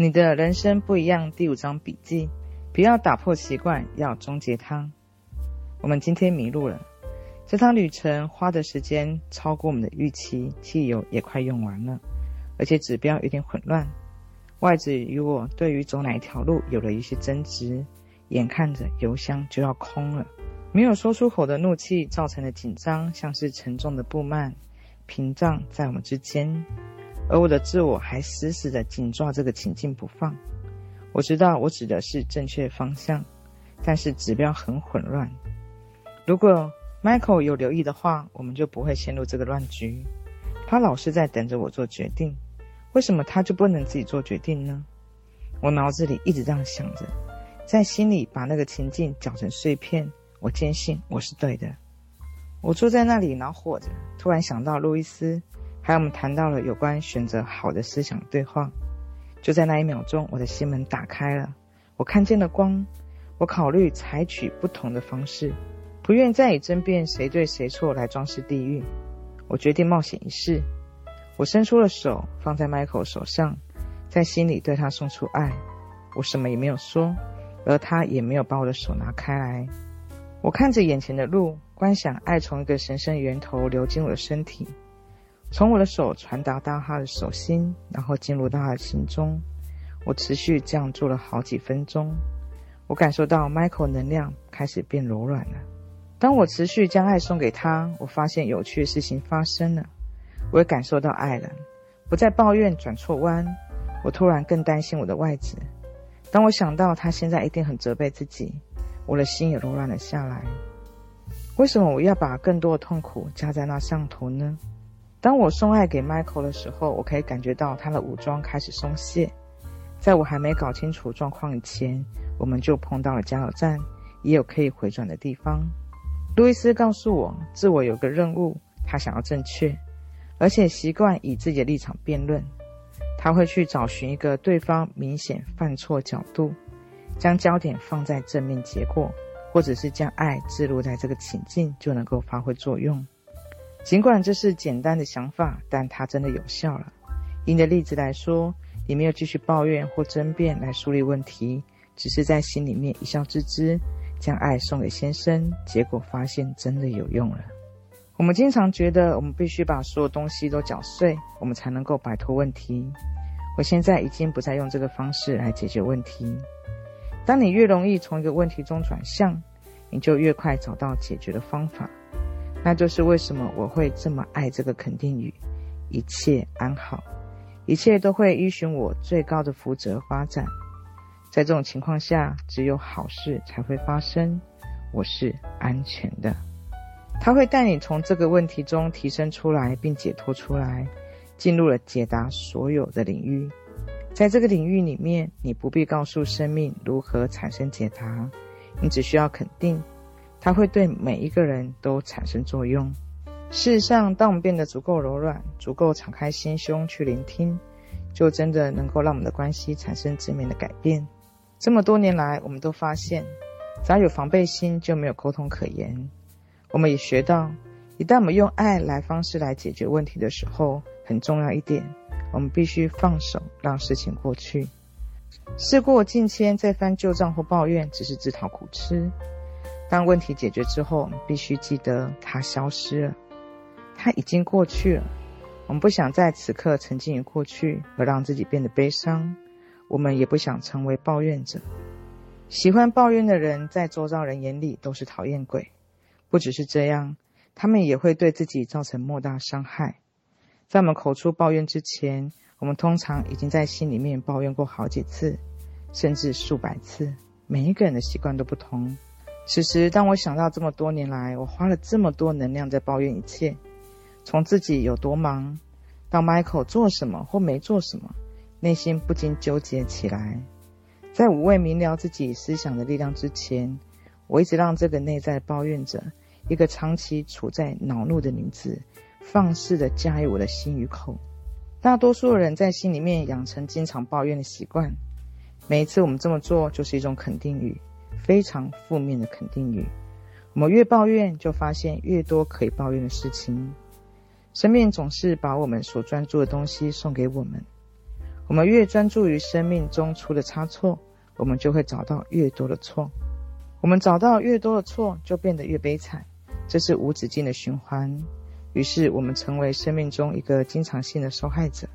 你的人生不一樣第五章筆記：不要打破習慣，要終結它。我們今天迷路了，這趟旅程花的時間超過我們的預期，汽油也快用完了，而且指標有點混亂。外子與我對於走哪一條路有了一些爭執，眼看着油箱就要空了，沒有說出口的怒氣造成的緊張，像是沉重的布幔，屏障在我們之間。而我的自我還死死地緊抓這個情境不放。我知道我指的是正確方向，但是指標很混亂。如果 Michael 有留意的話，我們就不會陷入這個亂局。他老是在等着我做決定，為什麼他就不能自己做決定呢？我腦子裡一直這樣想着，在心裡把那個情境攪成碎片。我堅信我是對的。我坐在那裡惱火着，突然想到路易斯。還有我們談到了有關選擇好的思想對話。就在那一秒鐘，我的心門打開了，我看見了光。我考慮採取不同的方式，不願再以爭辯誰對誰錯來裝飾地獄。我決定冒險一試。我伸出了手，放在 Michael 手上，在心裡對他送出愛。我什麼也沒有說，而他也沒有把我的手拿開來。我看着眼前的路，觀想愛從一個神聖源頭流進我的身體。從我的手傳達到他的手心，然後進入到他的心中。我持續這樣做了好幾分鐘，我感受到 Michael 能量開始變柔軟了。當我持續將愛送給他，我發現有趣的事情發生了。我也感受到愛了，不再抱怨轉錯彎。我突然更擔心我的外子。當我想到他現在一定很責備自己，我的心也柔軟了下來。為什麼我要把更多的痛苦加在那上頭呢？當我送愛給 Michael 的時候，我可以感覺到他的武裝開始鬆懈。在我還沒搞清楚狀況以前，我們就碰到了加油站，也有可以回轉的地方。路易斯告訴我，自我有個任務，他想要正確，而且習慣以自己的立場辯論。他會去找尋一個對方明顯犯錯的角度，將焦點放在正面結果，或者是將愛置入在這個情境就能夠發揮作用。儘管這是簡單的想法，但它真的有效了。以你的例子來說，你沒有繼續抱怨或爭辯來梳理問題，只是在心裡面一笑置之，將愛送給先生。結果發現真的有用了。我們經常覺得我們必須把所有東西都攪碎，我們才能夠擺脫問題。我現在已經不再用這個方式來解決問題。當你越容易從一個問題中轉向，你就越快找到解決的方法。那就是為什麼我會這麼愛這個肯定語：一切安好，一切都會依循我最高的福澤發展。在這種情況下，只有好事才會發生，我是安全的。它會帶你從這個問題中提升出來，並解脫出來，進入了解答所有的領域。在這個領域裡面，你不必告訴生命如何產生解答，你只需要肯定。它會對每一個人都產生作用。事實上，當我們變得足夠柔軟、足夠敞開心胸去聆聽，就真的能夠讓我們的關係產生正面的改變。這麼多年來，我們都發現，只要有防備心，就沒有溝通可言。我們也學到，一旦我們用愛來方式來解決問題的時候，很重要一點，我們必須放手，讓事情過去。事過境遷，再翻舊賬或抱怨，只是自討苦吃。當問題解決之後，我們必須記得它消失了，它已經過去了。我們不想在此刻沉浸於過去而讓自己變得悲傷，我們也不想成為抱怨者。喜歡抱怨的人，在周遭人眼裡都是討厭鬼。不只是這樣，他們也會對自己造成莫大傷害。在我們口出抱怨之前，我們通常已經在心裡面抱怨過好幾次，甚至數百次。每一個人的習慣都不同。其實，當我想到這麼多年來，我花了這麼多能量在抱怨一切，從自己有多忙，到 Michael 做什麼或沒做什麼，內心不禁糾結起來。在我未明了自己思想的力量之前，我一直讓這個內在抱怨者，一個長期處在惱怒的女子，放肆地駕馭我的心與口。大多數的人在心裡面養成經常抱怨的習慣，每一次我們這麼做，就是一種肯定語。非常負面的肯定語。我們越抱怨，就發現越多可以抱怨的事情。生命總是把我們所專注的東西送給我們。我們越專注於生命中出的差錯，我們就會找到越多的錯。我們找到越多的錯，就變得越悲慘。這是無止境的循環。於是我們成為生命中一個經常性的受害者。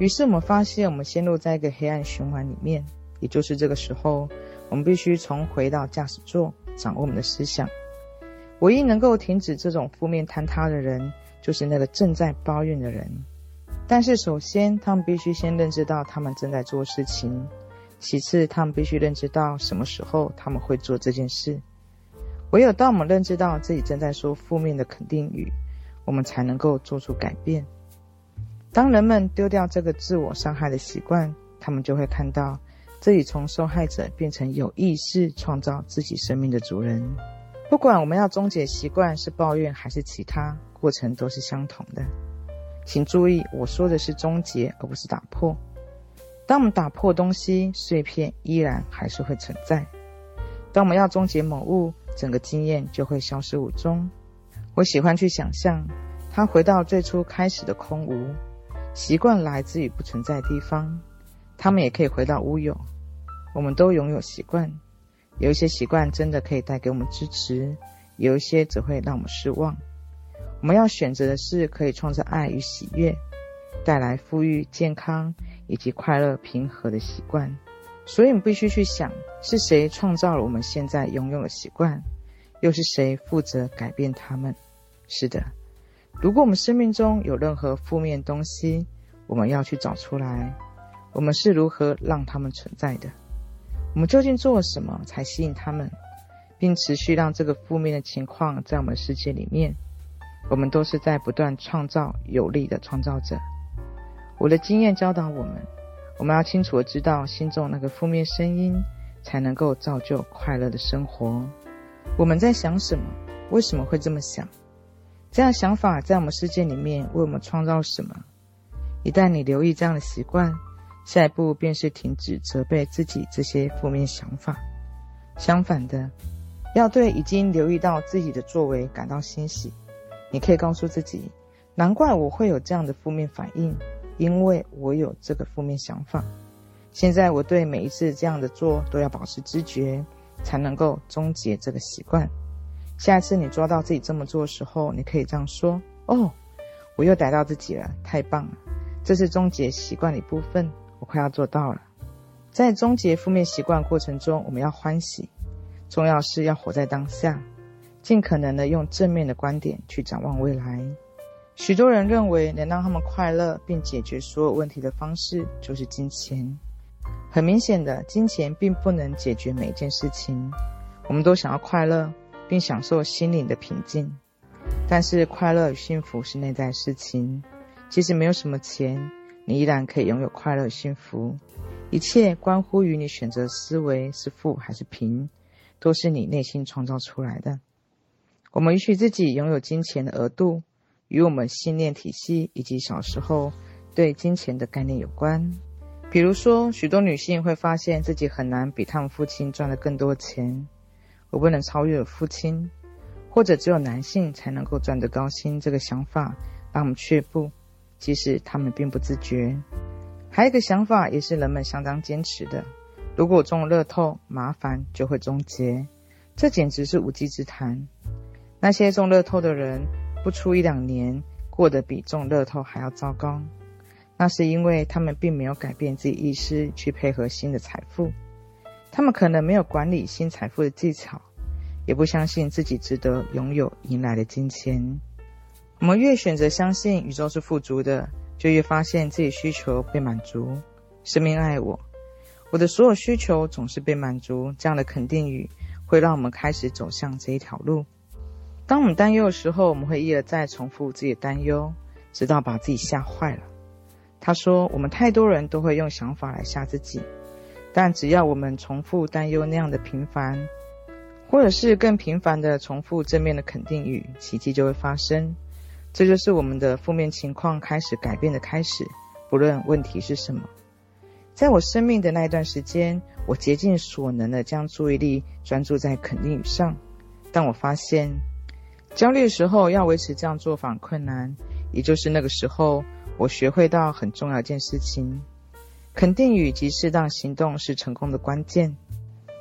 於是我們發現我們陷入在一個黑暗循環裡面。也就是這個時候。我們必須從回到駕駛座，掌握我們的思想。唯一能夠停止這種負面坍塌的人，就是那個正在抱怨的人。但是，首先他們必須先認知到他們正在做事情；其次，他們必須認知到什麼時候他們會做這件事。唯有當我們認知到自己正在說負面的肯定語，我們才能夠做出改變。當人們丟掉這個自我傷害的習慣，他們就會看到。自己從受害者變成有意識創造自己生命的主人。不管我們要終結習慣，是抱怨還是其他，過程都是相同的。請注意，我說的是終結，而不是打破。當我們打破東西，碎片依然還是會存在。當我們要終結某物，整個經驗就會消失無蹤。我喜歡去想象，它回到最初開始的空無。習慣來自於不存在的地方，它們也可以回到烏有。我們都擁有習慣，有一些習慣真的可以帶給我們支持，有一些只會讓我們失望。我們要選擇的是可以創造愛與喜悅、帶來富裕、健康以及快樂平和的習慣。所以，我們必須去想，是誰創造了我們現在擁有的習慣，又是誰負責改變他們？是的，如果我們生命中有任何負面東西，我們要去找出來，我們是如何讓它們存在的。我們究竟做了什麼才吸引他們，並持續讓這個負面的情況在我們世界裡面？我們都是在不斷創造有力的創造者。我的經驗教導我們，我們要清楚地知道心中那個負面聲音，才能夠造就快樂的生活。我們在想什麼？為什麼會這麼想？這樣的想法在我們世界裡面為我們創造什麼？一旦你留意這樣的習慣。下一步便是停止責備自己這些負面想法，相反的，要對已經留意到自己的作為感到欣喜。你可以告訴自己：“難怪我會有這樣的負面反應，因為我有這個負面想法。”現在我對每一次這樣的做都要保持知覺，才能夠終結這個習慣。下一次你抓到自己這麼做的時候，你可以這樣說：“哦，我又逮到自己了，太棒了！這是終結習慣的一部分。”我快要做到了。在終結負面習慣的過程中，我們要歡喜。重要的是要活在當下，盡可能地用正面的觀點去展望未來。許多人認為能讓他們快樂並解決所有問題的方式就是金錢。很明顯的，金錢並不能解決每件事情。我們都想要快樂，並享受心靈的平靜。但是快樂與幸福是內在事情。即使沒有什麼錢。你依然可以擁有快樂、幸福。一切關乎於你選擇思維是富還是貧，都是你內心創造出來的。我們允許自己擁有金錢的額度，與我們信念體系以及小時候對金錢的概念有關。比如說，許多女性會發現自己很難比他們父親賺得更多錢，我不能超越了父親，或者只有男性才能夠賺得高薪，這個想法讓我們卻步。其實他們並不自覺。還有一個想法，也是人們相當堅持的：如果中了樂透，麻煩就會終結。這簡直是無稽之談。那些中樂透的人，不出一兩年，過得比中樂透還要糟糕。那是因為他們並沒有改變自己意識，去配合新的財富。他們可能沒有管理新財富的技巧，也不相信自己值得擁有迎來的金錢。我們越選擇相信宇宙是富足的，就越發現自己需求被滿足。生命愛我，我的所有需求總是被滿足。這樣的肯定語會讓我們開始走向這一條路。當我們擔憂的時候，我們會一而再重複自己的擔憂，直到把自己嚇壞了。他說：“我們太多人都會用想法來嚇自己，但只要我們重複擔憂那樣的頻繁，或者是更頻繁的重複正面的肯定語，奇蹟就會發生。”這就是我們的負面情況開始改變的開始，不論問題是什麼。在我生命的那一段時間，我竭盡所能的將注意力專注在肯定語上，但我發現焦慮的時候要維持這樣做法困難。也就是那個時候，我學會到很重要一件事情：肯定語及適當行動是成功的關鍵。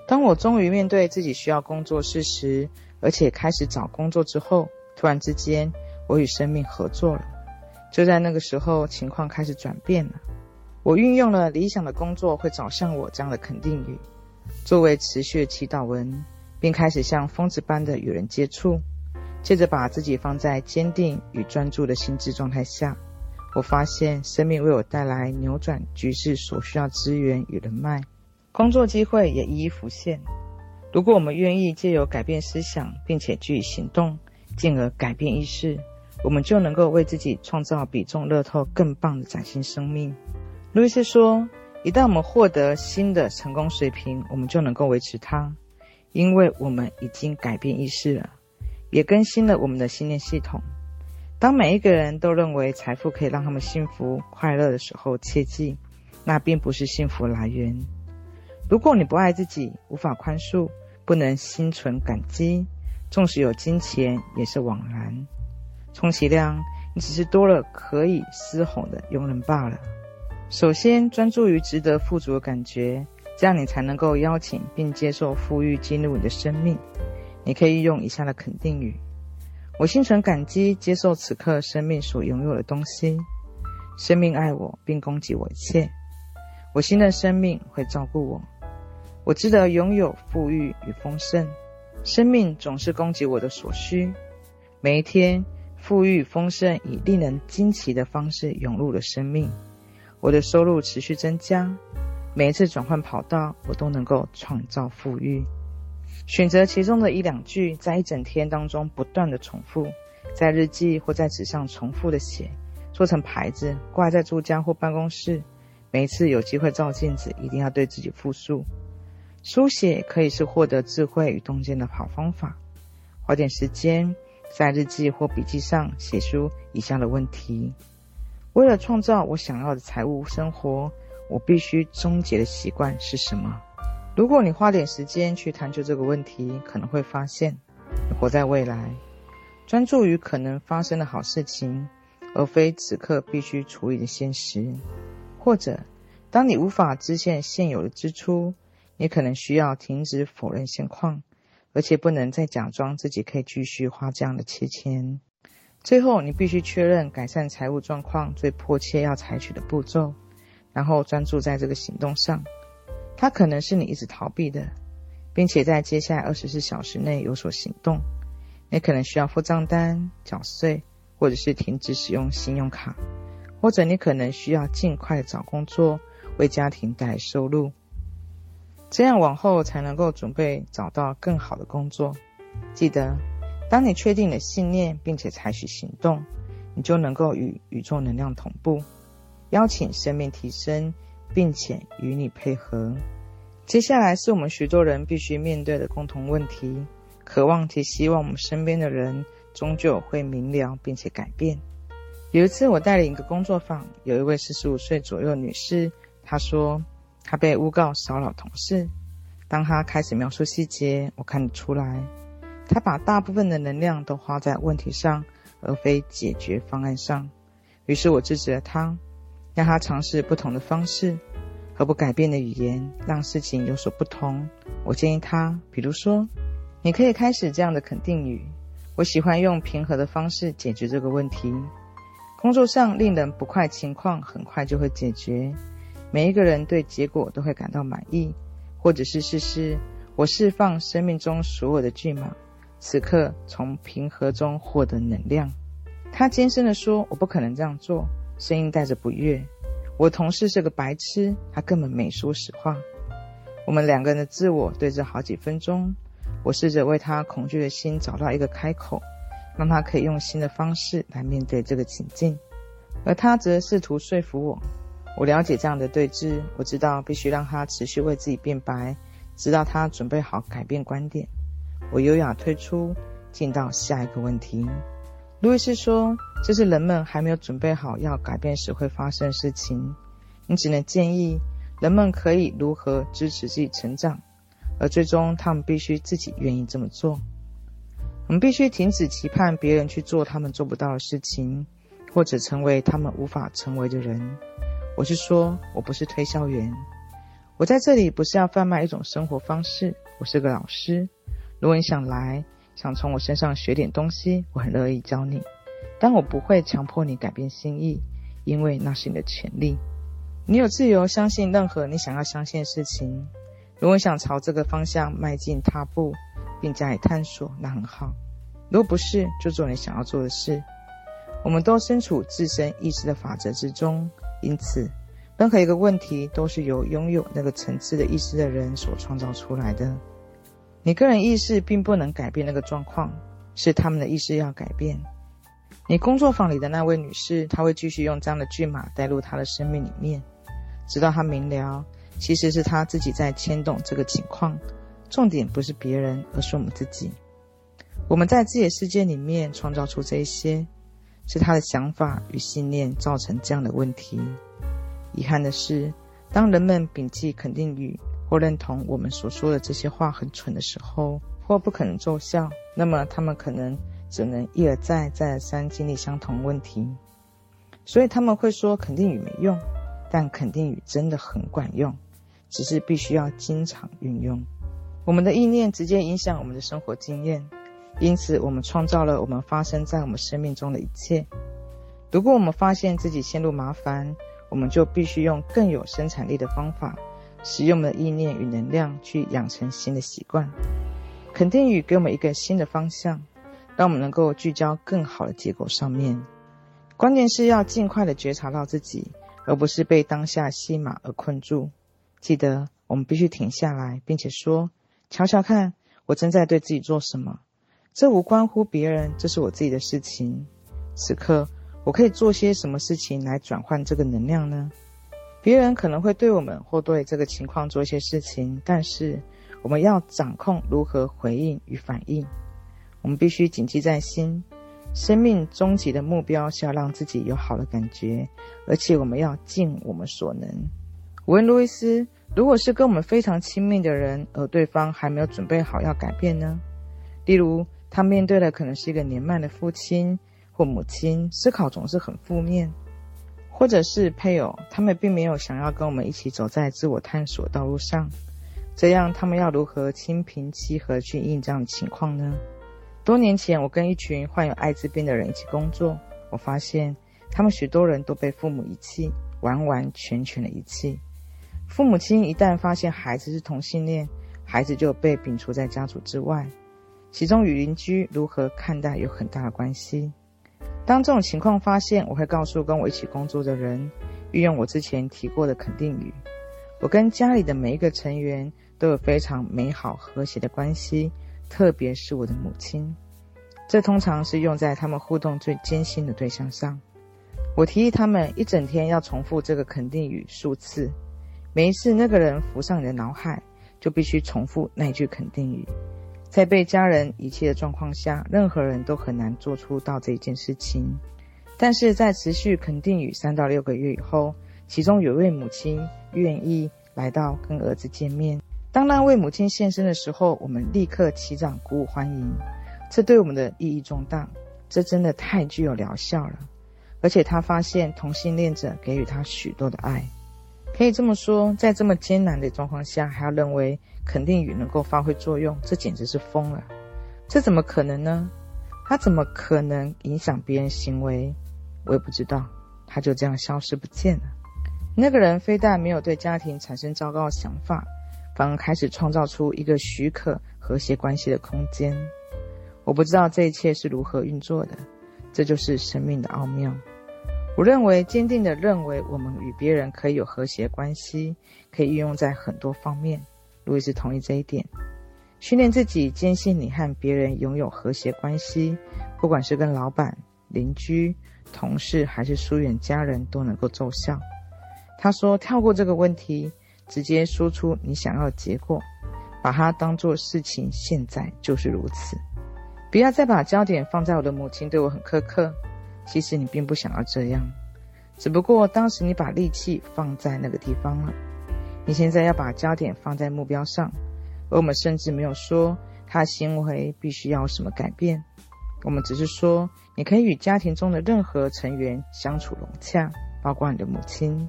當我終於面對自己需要工作事實，而且開始找工作之後，突然之間。我與生命合作了，就在那個時候，情況開始轉變了。我運用了理想的工作會找像我這樣的肯定語作為持續的祈禱文，並開始像瘋子般的與人接觸。借着把自己放在堅定與專注的心智狀態下，我發現生命為我帶來扭轉局勢所需要資源與人脈，工作機會也一一浮現。如果我們願意借由改變思想，並且具以行動，進而改變意識。我們就能夠為自己創造比中樂透更棒的嶄新生命。路易斯說：“一旦我們獲得新的成功水平，我們就能夠維持它，因為我們已經改變意識了，也更新了我們的信念系統。當每一個人都認為財富可以讓他們幸福快樂的時候，切記，那並不是幸福來源。如果你不愛自己，無法寬恕，不能心存感激，縱使有金錢也是枉然。”充其量，你只是多了可以嘶吼的傭人罷了。首先，專注於值得富足的感覺，這樣你才能夠邀請並接受富裕進入你的生命。你可以用以下的肯定語：“我心存感激，接受此刻生命所擁有的東西。生命愛我，並供給我一切。我信任生命會照顧我。我值得擁有富裕與豐盛。生命總是供給我的所需。每一天。”富裕豐盛以令人驚奇的方式湧入了生命，我的收入持續增加，每一次轉換跑道，我都能夠創造富裕。選擇其中的一兩句，在一整天當中不斷的重複，在日記或在紙上重複的寫，做成牌子掛在住家或辦公室，每一次有機會照鏡子，一定要對自己複述。書寫可以是獲得智慧與洞見的好方法，花點時間。在日記或筆記上寫出以下的問題：為了創造我想要的財務生活，我必須終結的習慣是什麼？如果你花點時間去探究這個問題，可能會發現，你活在未來，專注於可能發生的好事情，而非此刻必須處理的現實。或者，當你無法支現現有的支出，你可能需要停止否認現況。而且不能再假裝自己可以繼續花這樣的錢。最後，你必須確認改善財務狀況最迫切要採取的步驟，然後專注在這個行動上。它可能是你一直逃避的，並且在接下來二十四小時內有所行動。你可能需要付賬單、繳稅，或者是停止使用信用卡，或者你可能需要儘快找工作，為家庭帶來收入。這樣往後才能夠準備找到更好的工作。記得，當你確定了信念並且採取行動，你就能夠與宇宙能量同步，邀請生命提升，並且與你配合。接下來是我們許多人必須面對的共同問題，渴望及希望我們身邊的人終究會明了並且改變。有一次，我帶領一個工作坊，有一位四十五歲左右女士，她說。他被誣告騷擾同事。當他開始描述細節，我看得出來，他把大部分的能量都花在問題上，而非解決方案上。於是，我制止了他，讓他嘗試不同的方式和不改變的語言，讓事情有所不同。我建議他，比如說，你可以開始這樣的肯定語：“我喜歡用平和的方式解決這個問題。工作上令人不快情況很快就會解決。”每一個人對結果都會感到滿意，或者是事實。我釋放生命中所有的巨蟒，此刻從平和中獲得能量。他尖聲地說：“我不可能這樣做。”聲音帶着不悅。我同事是個白痴，他根本沒說實話。我們兩個人的自我對峙好幾分鐘。我試着為他恐懼的心找到一個開口，讓他可以用新的方式來面對這個情境，而他則試圖說服我。我了解這樣的對峙，我知道必須讓他持續為自己辯白，直到他準備好改變觀點。我優雅退出，進到下一個問題。路易斯說：“這是人們還沒有準備好要改變時會發生的事情。你只能建議人們可以如何支持自己成長，而最終他們必須自己願意這麼做。我們必須停止期盼別人去做他們做不到的事情，或者成為他們無法成為的人。”我是說，我不是推銷員。我在這裡不是要販賣一種生活方式。我是個老師。如果你想來，想從我身上學點東西，我很樂意教你。但我不會強迫你改變心意，因為那是你的權利。你有自由相信任何你想要相信的事情。如果你想朝這個方向邁進踏步，並加以探索，那很好。如果不是，就做你想要做的事。我們都身處自身意識的法則之中。因此，任何一個問題都是由擁有那個層次的意識的人所創造出來的。你個人意識並不能改變那個狀況，是他們的意識要改變。你工作坊裡的那位女士，她會繼續用這樣的劇碼帶入她的生命裡面，直到她明了，其實是她自己在牽動這個情況。重點不是別人，而是我們自己。我們在自己的世界裡面創造出這些。是他的想法與信念造成這樣的問題。遺憾的是，當人們摒棄肯定語或認同我們所說的這些話很蠢的時候，或不可能奏效，那麼他們可能只能一而再、再而三經歷相同問題。所以他們會說肯定語沒用，但肯定語真的很管用，只是必須要經常運用。我們的意念直接影響我們的生活經驗。因此，我們創造了我們發生在我們生命中的一切。如果我們發現自己陷入麻煩，我們就必須用更有生產力的方法，使用我們的意念與能量去養成新的習慣。肯定語給我們一個新的方向，讓我們能夠聚焦更好的結果上面。關鍵是要盡快地覺察到自己，而不是被當下戲碼而困住。記得，我們必須停下來，並且說：“瞧瞧看，我正在對自己做什麼。”這無關乎別人，這是我自己的事情。此刻，我可以做些什麼事情來轉換這個能量呢？別人可能會對我們或對這個情況做一些事情，但是我們要掌控如何回應與反應。我們必須謹記在心，生命終極的目標是要讓自己有好的感覺，而且我們要盡我們所能。我問路易斯，如果是跟我們非常親密的人，而對方還沒有準備好要改變呢？例如，他面對的可能是一個年邁的父親或母親，思考總是很負面，或者是配偶，他們並沒有想要跟我們一起走在自我探索道路上，這樣他們要如何心平氣和去應對這樣的情況呢？多年前，我跟一群患有艾滋病的人一起工作，我發現他們許多人都被父母遺棄，完完全全的遺棄。父母親一旦發現孩子是同性戀，孩子就被摒除在家族之外。其中與鄰居如何看待有很大的關係。當這種情況發現，我會告訴跟我一起工作的人，運用我之前提過的肯定語。我跟家裡的每一個成員都有非常美好和諧的關係，特別是我的母親。這通常是用在他們互動最艱辛的對象上。我提議他們一整天要重複這個肯定語數次，每一次那個人浮上你的腦海，就必須重複那一句肯定語。在被家人遺棄的狀況下，任何人都很難做出到這一件事情。但是在持續肯定語三到六個月以後，其中有一位母親願意來到跟兒子見面。當那位母親現身的時候，我們立刻起掌鼓舞歡迎，這對我們的意義重大。這真的太具有療效了，而且他發現同性戀者給予他許多的愛。可以這麼說，在這麼艱難的狀況下，還要認為肯定語能夠發揮作用，這簡直是瘋了。這怎麼可能呢？他怎麼可能影響別人行為？我也不知道，他就這樣消失不見了。那個人非但沒有對家庭產生糟糕的想法，反而開始創造出一個許可和諧關係的空間。我不知道這一切是如何運作的，這就是生命的奧妙。我認為堅定地認為，我們與別人可以有和諧關係，可以運用在很多方面。路易斯同意這一點。訓練自己堅信你和別人擁有和諧關係，不管是跟老闆、鄰居、同事，還是疏遠家人，都能夠奏效。他說：“跳過這個問題，直接說出你想要的結果，把它當作事情，現在就是如此。不要再把焦點放在我的母親對我很苛刻。”其實你並不想要這樣，只不過當時你把力氣放在那個地方了。你現在要把焦點放在目標上，而我們甚至沒有說他行為必須要有什麼改變，我們只是說你可以與家庭中的任何成員相處融洽，包括你的母親。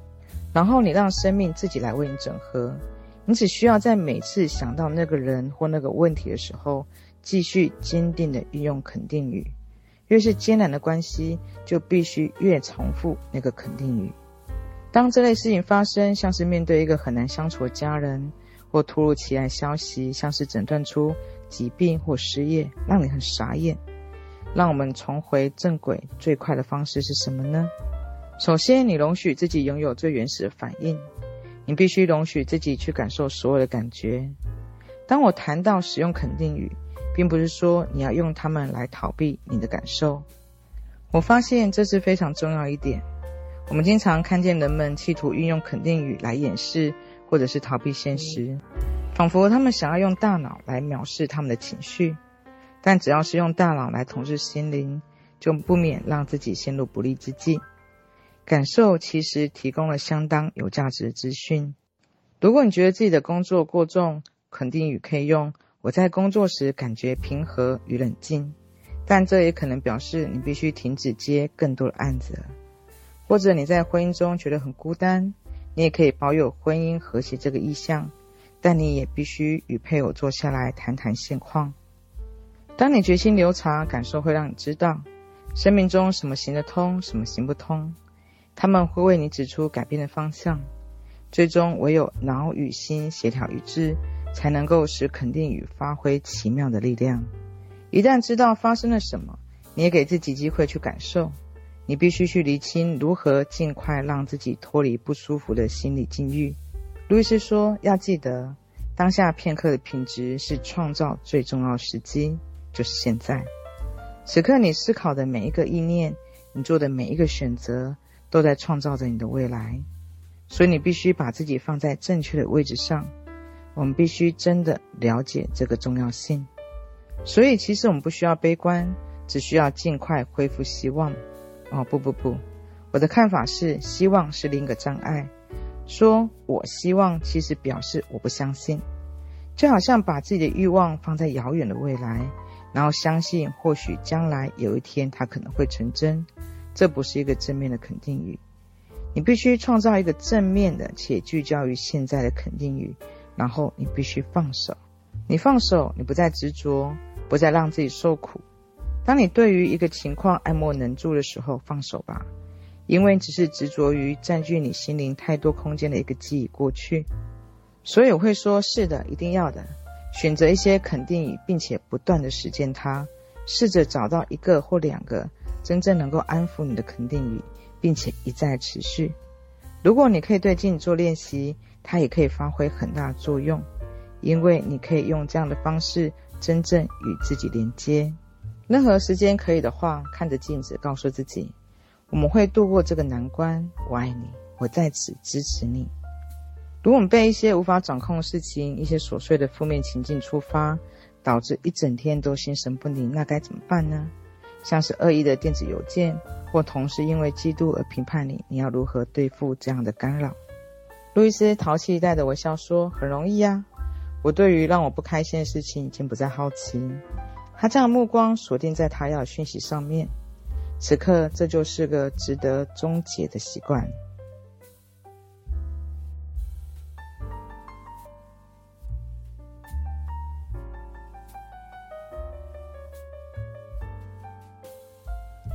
然後你讓生命自己來為你整合，你只需要在每次想到那個人或那個問題的時候，繼續堅定地運用肯定語。越是艱難的關係，就必須越重複那個肯定語。當這類事情發生，像是面對一個很難相處的家人，或突如其來消息，像是診斷出疾病或失業，讓你很傻眼。讓我們重回正軌最快的方式是什麼呢？首先，你容許自己擁有最原始的反應。你必須容許自己去感受所有的感覺。當我談到使用肯定語，並不是說你要用它們來逃避你的感受，我發現這是非常重要一點。我們經常看見人們企圖運用肯定語來掩飾或者是逃避現實，嗯、仿佛他們想要用大腦來藐視他們的情緒。但只要是用大腦來統治心靈，就不免讓自己陷入不利之境。感受其實提供了相當有價值的資訊。如果你覺得自己的工作過重，肯定語可以用。我在工作時感覺平和與冷靜，但這也可能表示你必須停止接更多的案子，或者你在婚姻中覺得很孤單。你也可以保有婚姻和諧這個意向，但你也必須與配偶坐下來談談現況。當你決心留長，感受會讓你知道生命中什麼行得通，什麼行不通，他們會為你指出改變的方向。最終，唯有腦與心協調一致才能夠使肯定語發揮奇妙的力量。一旦知道發生了什麼，你也給自己機會去感受。你必須去釐清如何盡快讓自己脫離不舒服的心理境遇。路易斯說：“要記得，當下片刻的品質是創造最重要時機，就是現在。此刻你思考的每一個意念，你做的每一個選擇，都在創造着你的未來。所以你必須把自己放在正確的位置上。”我們必須真的了解這個重要性，所以其實我們不需要悲觀，只需要盡快恢復希望。哦，不不不，我的看法是，希望是另一個障礙。說我希望，其實表示我不相信，就好像把自己的慾望放在遙遠的未來，然後相信或許將來有一天它可能會成真。這不是一個正面的肯定語，你必須創造一個正面的且聚焦於現在的肯定語。然後你必須放手，你放手，你不再執着不再讓自己受苦。當你對於一個情況愛莫能助的時候，放手吧，因為你只是執着於占據你心靈太多空間的一個記憶過去。所以我會說，是的，一定要的，選擇一些肯定語，並且不斷的實踐它，試着找到一個或兩個真正能夠安撫你的肯定語，並且一再持續。如果你可以對鏡做練習。它也可以發揮很大的作用，因為你可以用這樣的方式真正與自己連接。任何時間可以的話，看着鏡子，告訴自己：“我們會度過這個難關，我愛你，我在此支持你。”如果我們被一些無法掌控的事情、一些瑣碎的負面情境觸發，導致一整天都心神不寧，那該怎麼辦呢？像是惡意的電子郵件，或同事因為嫉妒而評判你，你要如何對付這樣的干擾？路易斯淘氣地帶的微笑說：“很容易呀、啊，我對於讓我不開心的事情已經不再好奇。”他將目光鎖定在他要的訊息上面，此刻這就是個值得終結的習慣。